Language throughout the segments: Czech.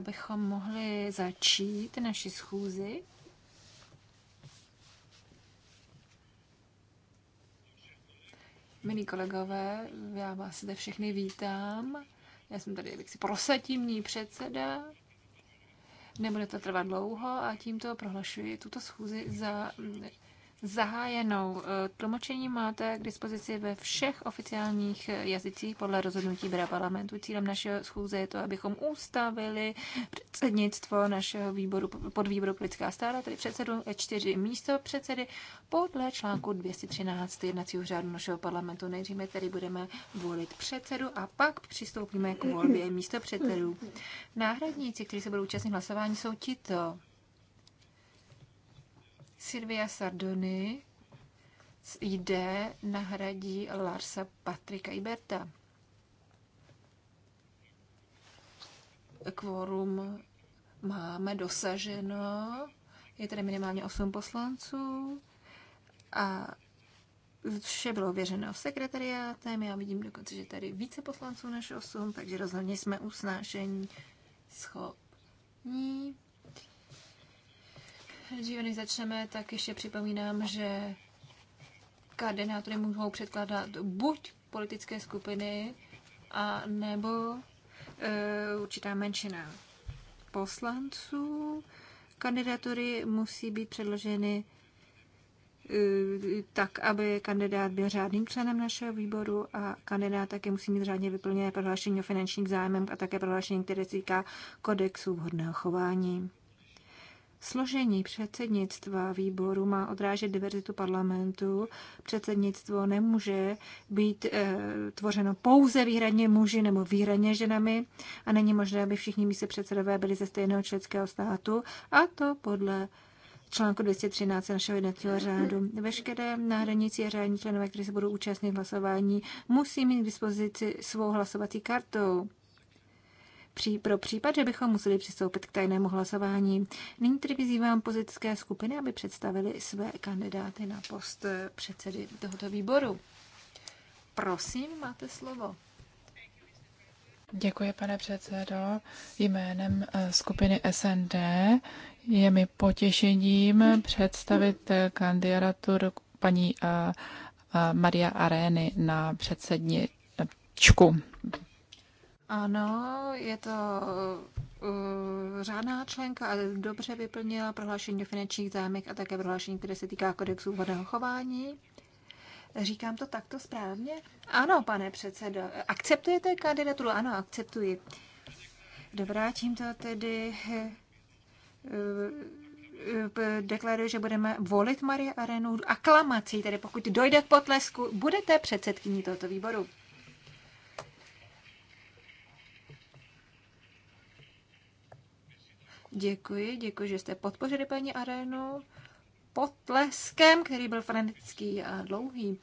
bychom mohli začít naši schůzi. Milí kolegové, já vás zde všechny vítám. Já jsem tady si jaksi ní předseda. Nebude to trvat dlouho a tímto prohlašuji tuto schůzi za zahájenou. Eh, tlumočení máte k dispozici ve všech oficiálních jazycích podle rozhodnutí Bera parlamentu. Cílem našeho schůze je to, abychom ustavili předsednictvo našeho výboru, podvýboru výboru lidská stála, tedy předsedu čtyři místo předsedy podle článku 213 jednacího řádu našeho parlamentu. Nejdříve tedy budeme volit předsedu a pak přistoupíme k volbě místo předsedů. Náhradníci, kteří se budou účastnit hlasování, jsou tito. Silvia Sardony z ID nahradí Larsa Patrika Iberta. Kvorum máme dosaženo, je tady minimálně 8 poslanců a vše bylo ověřeno sekretariátem. Já vidím dokonce, že tady více poslanců než 8, takže rozhodně jsme usnášení schopní. Dříve než začneme, tak ještě připomínám, že koordinátory mohou předkládat buď politické skupiny, a nebo e, určitá menšina poslanců. Kandidatury musí být předloženy e, tak, aby kandidát byl řádným členem našeho výboru a kandidát také musí mít řádně vyplněné prohlášení o finančních zájmem a také prohlášení, které se týká kodexu vhodného chování. Složení předsednictva výboru má odrážet diverzitu parlamentu. Předsednictvo nemůže být e, tvořeno pouze výhradně muži nebo výhradně ženami a není možné, aby všichni místě předsedové byli ze stejného členského státu a to podle článku 213 našeho jednacího řádu. Veškeré náhradníci a řádní členové, kteří se budou účastnit hlasování, musí mít k dispozici svou hlasovací kartou. Pří, pro případ, že bychom museli přistoupit k tajnému hlasování. Nyní tedy vyzývám politické skupiny, aby představili své kandidáty na post eh, předsedy tohoto výboru. Prosím, máte slovo. Děkuji, pane předsedo. Jménem eh, skupiny SND je mi potěšením představit eh, kandidaturu paní Maria Arény na předsedničku ano, je to uh, řádná členka a dobře vyplnila prohlášení do finančních zámek a také prohlášení, které se týká kodexu vodného chování. Říkám to takto správně? Ano, pane předsedo. Akceptujete kandidaturu? Ano, akceptuji. Dobrá, tímto tedy eh, eh, deklaruji, že budeme volit Marie Arenu aklamací, tedy pokud dojde k potlesku, budete předsedkyní tohoto výboru. Děkuji, děkuji, že jste podpořili paní Arenu potleskem, který byl frenetický a dlouhý.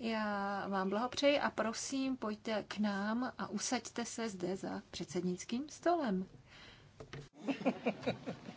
Já vám blahopřeji a prosím, pojďte k nám a usaďte se zde za předsednickým stolem.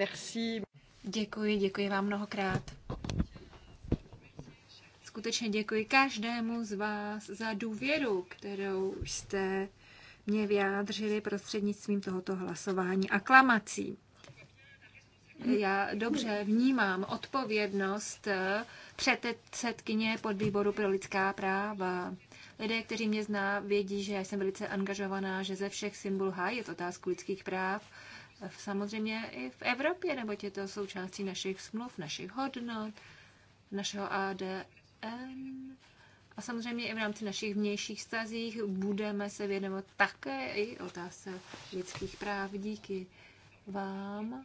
Merci. Děkuji, děkuji vám mnohokrát. Skutečně děkuji každému z vás za důvěru, kterou jste mě vyjádřili prostřednictvím tohoto hlasování aklamací. Já dobře vnímám odpovědnost předsedkyně podvýboru pro lidská práva. Lidé, kteří mě zná, vědí, že jsem velice angažovaná, že ze všech symbol to otázku lidských práv samozřejmě i v Evropě, nebo je to součástí našich smluv, našich hodnot, našeho ADN. A samozřejmě i v rámci našich vnějších stazích budeme se věnovat také i otázce lidských práv. Díky vám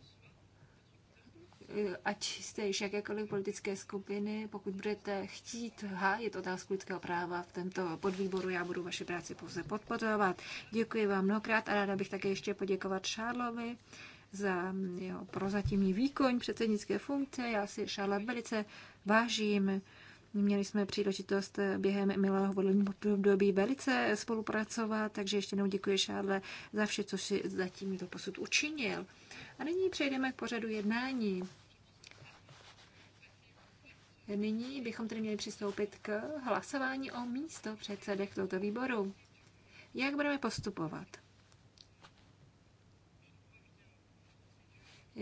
Eh, ať jste již jakékoliv politické skupiny, pokud budete chtít hájit otázku lidského práva v tomto podvýboru, já budu vaši práci pouze podporovat. Děkuji vám mnohokrát a ráda bych také ještě poděkovat Šárlovi za jeho prozatímní výkon předsednické funkce. Já si Šála velice vážím. Měli jsme příležitost během milého volebního období velice spolupracovat, takže ještě jednou děkuji Šádle za vše, co si zatím to posud učinil. A nyní přejdeme k pořadu jednání. Nyní bychom tedy měli přistoupit k hlasování o místo předsedech tohoto výboru. Jak budeme postupovat?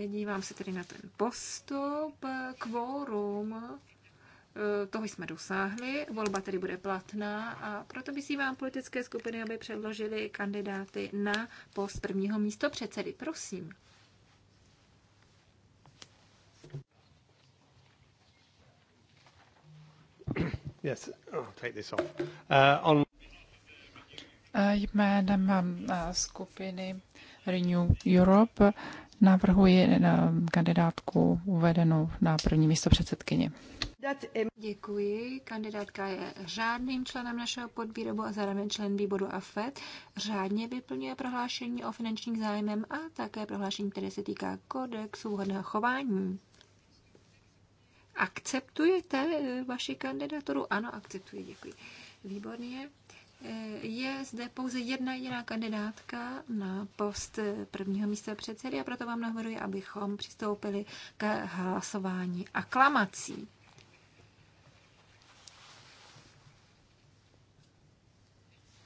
Dívám se tedy na ten postup, kvórum, eh, toho jsme dosáhli, volba tedy bude platná a proto vyzývám politické skupiny, aby předložili kandidáty na post prvního místo předsedy. Prosím. Yes, I'll take this off. Uh, on... Eh, jménem eh, skupiny Renew Europe navrhuji eh, kandidátku uvedenou na první místo předsedkyni. Děkuji. Kandidátka je řádným členem našeho podvýrobu a zároveň člen výboru AFET. Řádně vyplňuje prohlášení o finančních zájmem a také prohlášení, které se týká kodexu vhodného chování. Akceptujete eh, vaši kandidaturu? Ano, akceptuji, děkuji. Výborně. Eh, je zde pouze jedna jediná kandidátka na post eh, prvního místa předsedy a proto vám navrhuji, abychom přistoupili k hlasování aklamací.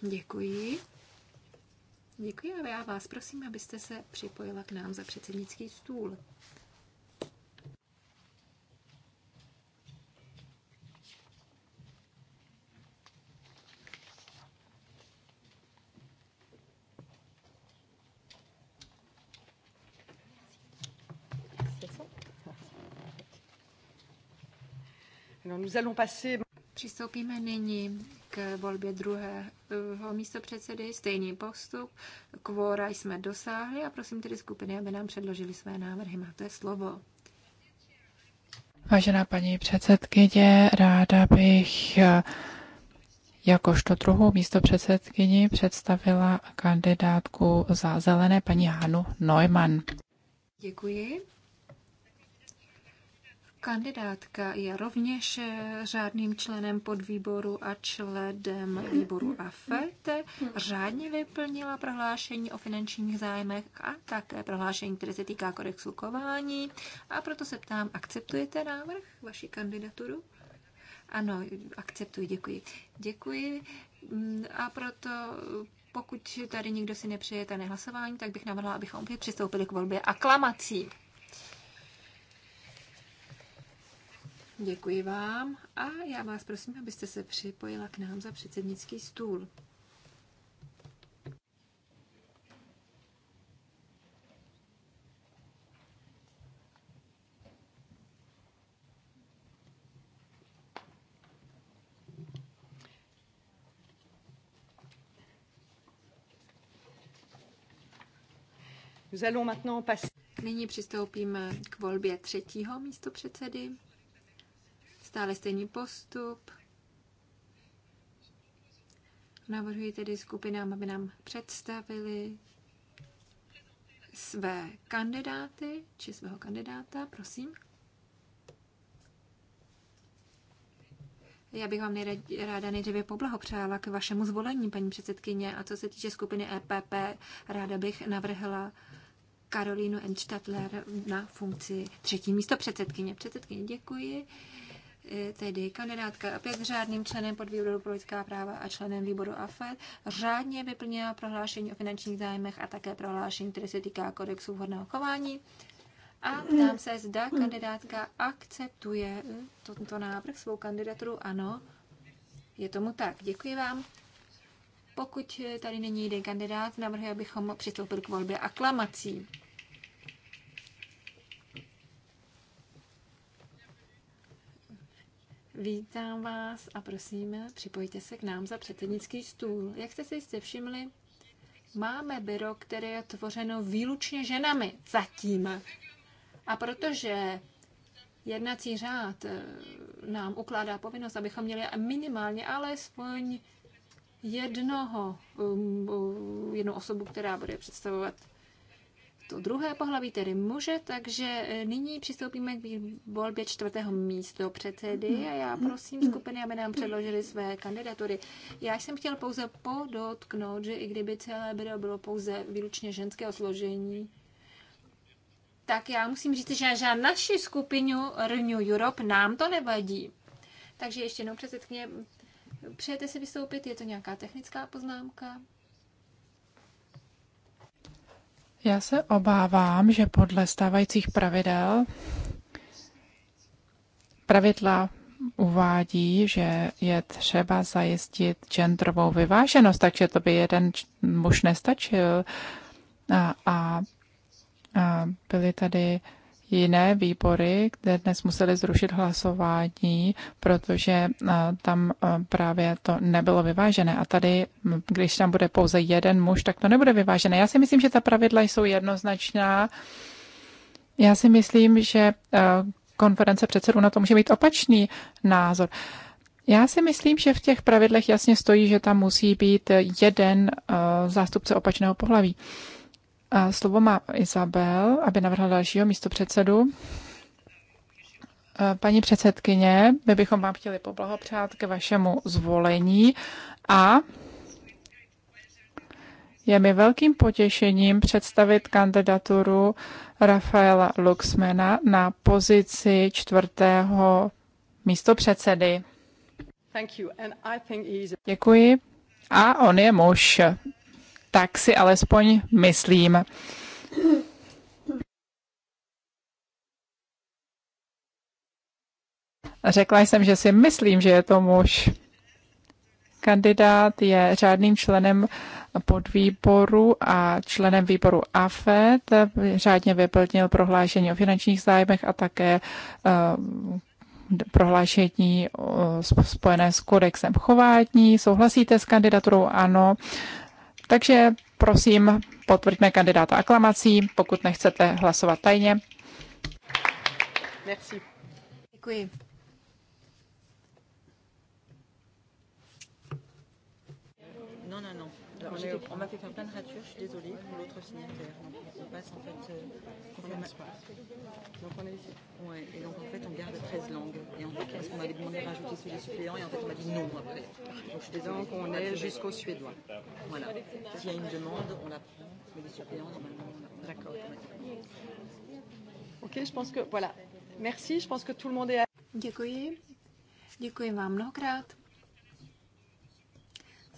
Děkuji. Děkuji a já vás prosím, abyste se připojila k nám za předsednický stůl. No, Přistoupíme nyní k volbě druhého místo předsedy. Stejný postup. Kvóra jsme dosáhli a prosím tedy skupiny, aby nám předložili své návrhy. Máte slovo. Vážená paní předsedkyně, ráda bych eh, jakožto druhou místo předsedkyni představila kandidátku za zelené paní Hanu Neumann. Děkuji. Kandidátka je rovněž eh, řádným členem podvýboru a členem výboru AFET. Řádně vyplnila prohlášení o finančních zájmech a také prohlášení, které se týká kodexu kování. A proto se ptám, akceptujete návrh, vaši kandidaturu? Ano, akceptuji, děkuji. Děkuji. Mm, a proto pokud tady nikdo si nepřeje ten hlasování, tak bych navrhla, abychom opět přistoupili k volbě aklamací. Děkuji vám a já vás prosím, abyste se připojila k nám za předsednický stůl. Nyní přistoupíme k volbě třetího místo předsedy. Stále stejný postup. Navrhuji tedy skupinám, aby nám představili své kandidáty, či svého kandidáta, prosím. Já bych vám ráda nejdříve poblahopřála k vašemu zvolení, paní předsedkyně. A co se týče skupiny EPP, ráda bych navrhla Karolínu Enstadler na funkci třetí místo předsedkyně. Předsedkyně, děkuji tedy kandidátka opět řádným členem podvýboru pro lidská práva a členem výboru AFED, řádně vyplnila prohlášení o finančních zájmech a také prohlášení, které se týká kodexu vhodného chování. A ptám se, zda kandidátka akceptuje tento návrh, svou kandidaturu. Ano, je tomu tak. Děkuji vám. Pokud tady není jeden kandidát, navrhuji, abychom přistoupili k volbě aklamací. Vítám vás a prosím, připojte se k nám za předsednický stůl. Jak jste si jste všimli, máme byro, které je tvořeno výlučně ženami zatím. A protože jednací řád eh, nám ukládá povinnost, abychom měli minimálně alespoň jednoho, um, jednu osobu, která bude představovat to druhé pohlaví, tedy muže, takže e, nyní přistoupíme k volbě čtvrtého místo předsedy a já prosím skupiny, aby nám předložili své kandidatury. Já jsem chtěl pouze podotknout, že i kdyby celé bylo, bylo pouze výlučně ženského složení, tak já musím říct, že na naši skupinu Renew Europe nám to nevadí. Takže ještě jednou předsedkyně, přejete si vystoupit? Je to nějaká technická poznámka? Já se obávám, že podle stávajících pravidel pravidla uvádí, že je třeba zajistit genderovou vyváženost, takže to by jeden muž nestačil. A, a, a byly tady jiné výbory, kde dnes museli zrušit hlasování, protože eh, tam eh, právě to nebylo vyvážené. A tady, když tam bude pouze jeden muž, tak to nebude vyvážené. Já si myslím, že ta pravidla jsou jednoznačná. Já si myslím, že eh, konference předsedů na to může být opačný názor. Já si myslím, že v těch pravidlech jasně stojí, že tam musí být jeden zástupce opačného pohlaví. A slovo má Izabel, aby navrhla dalšího místo předsedu. Eh, paní předsedkyně, my bychom vám chtěli poblahopřát k vašemu zvolení a je mi velkým potěšením představit kandidaturu Rafaela Luxmana na pozici čtvrtého místopředsedy. Děkuji. A on je muž, tak si alespoň myslím. Řekla jsem, že si myslím, že je to muž. Kandidát je řádným členem podvýboru a členem výboru AFED. Řádně vyplnil prohlášení o finančních zájmech a také eh, prohlášení eh, spojené s kodexem chování. Souhlasíte s kandidaturou? Ano. Takže prosím, potvrďme kandidáta aklamací, pokud nechcete hlasovat tajně. Merci. Děkuji. non, non. Alors, on, est, on m'a fait faire plein de ratures, je suis désolée, pour l'autre signataire. Donc, on passe en fait. Euh, on on ma... Donc on est ici. Ouais, et donc en fait on garde 13 langues. Et en fait, parce qu'on m'avait demandé de rajouter celui suppléant, et en fait on m'a dit non après. Donc je suis désolée. Donc on est jusqu'au suédois. Voilà. S'il y a une demande, on la prend, mais les suppléants, normalement, on D'accord. Ok, je pense que. Voilà. Merci, je pense que tout le monde est. à. Děkuji. Děkuji vám mnohokrát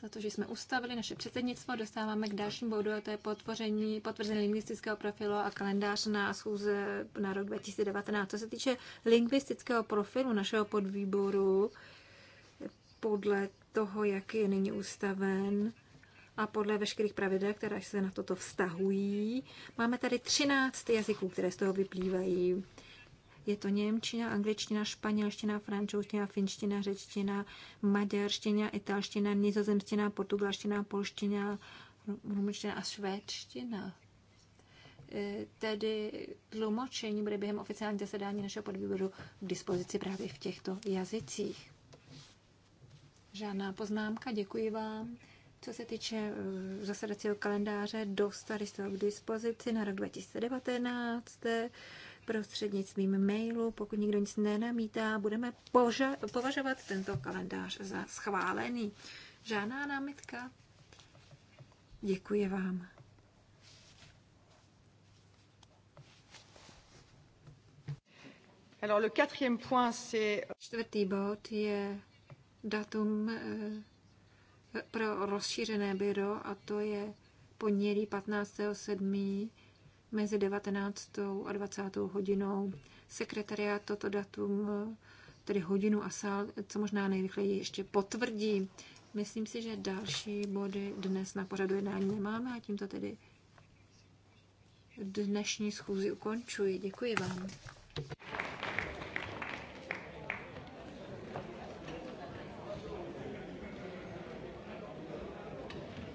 za to, že jsme ustavili naše předsednictvo, dostáváme k dalším bodu, a to je potvoření, potvrzení lingvistického profilu a kalendář na schůze na rok 2019. Co se týče lingvistického profilu našeho podvýboru, podle toho, jak je nyní ustaven a podle veškerých pravidel, které se na toto vztahují, máme tady 13 jazyků, které z toho vyplývají. Je to němčina, angličtina, španělština, francouzština, finština, řečtina, maďarština, italština, nizozemština, portugalština, polština, rumunština a švédština. E, tedy tlumočení bude během oficiálního zasedání našeho podvýboru k dispozici právě v těchto jazycích. Žádná poznámka, děkuji vám. Co se týče e, zasedacího kalendáře, dostali jste ho k dispozici na rok 2019 prostřednictvím mailu. Pokud nikdo nic nenamítá, budeme považovat tento kalendář za schválený. Žádná námitka? Děkuji vám. Alors, le quatrième point, c'est... Euh, Čtvrtý bod je datum eh, pro rozšířené byro a to je pondělí 15. 7 mezi 19. a 20. hodinou. Sekretariát toto datum, tedy hodinu a sál, co možná nejrychleji ještě potvrdí. Myslím si, že další body dnes na pořadu jednání nemáme a tímto tedy dnešní schůzi ukončuji. Děkuji vám.